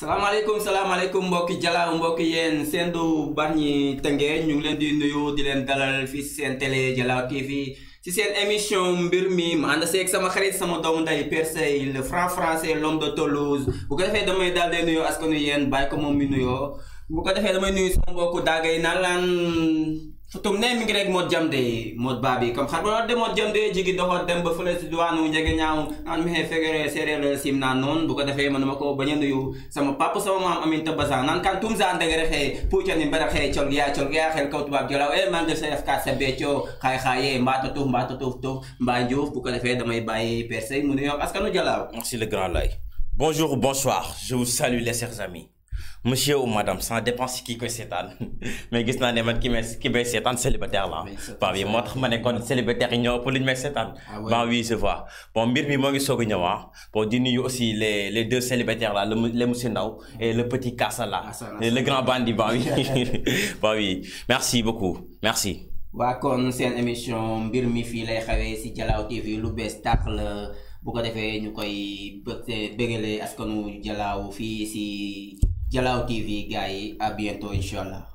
salaamaaleykum salaamaaleykum mbokki jalaaw mbokki yéen seen du Bargny Tëngéej ñu ngi leen di nuyu di leen dalal fii seen télé Dialaw TV ci seen émission mbir mi ma ànd seeg sama xarit sama doom nday per le franc français l'homme de Toulouse bu ko defee damay daal di nuyoo askanu yéen bàyyi ko moom mi nuyoo bu ko defee damay nuyu sama mbokku daagay naan laan tum ne mi ngi rek mot jamde mot baabi comme xar bono de mot jamde jigi doxo dem ba fële si duwaanu njege ñaaw naan mexe fegere seereer sim naan noonu bu ko defee mënuma ko bañ a nuyu sama papa sama maam amin ta basan naan kan sa becco eh, xaay xaaye eh, mbaata tuuf mbaata tuuf tuuf mbaa njuuf bu ko defee damay bàyyi perse mu nuyoo askanu jalaaw merci le grand lay bonjour bonsoir je vous salue les chers amis monsieur ou madame ça dépend si kii koy seetaan mais gis naa ne man ki may ki may seetaan célibataire là. waaw bi moo tax ma ne kon célibataire yi ñëw ëpp lu ñu may oui c'est vrai bon mbir mi moo ngi soog a pour ah aussi les les deux célibataires là le le monsieur Nao et le petit Kassa là le grand bandit Bah oui bah oui merci beaucoup merci waa c'est une émission mbir mi fii lay xawee si Dialaw TV lu bees tàq la bu ko defee ñu koy bëgg bëggalee askanu Dialaw fii si Dialaw TV gars yi à bientôt incha allah.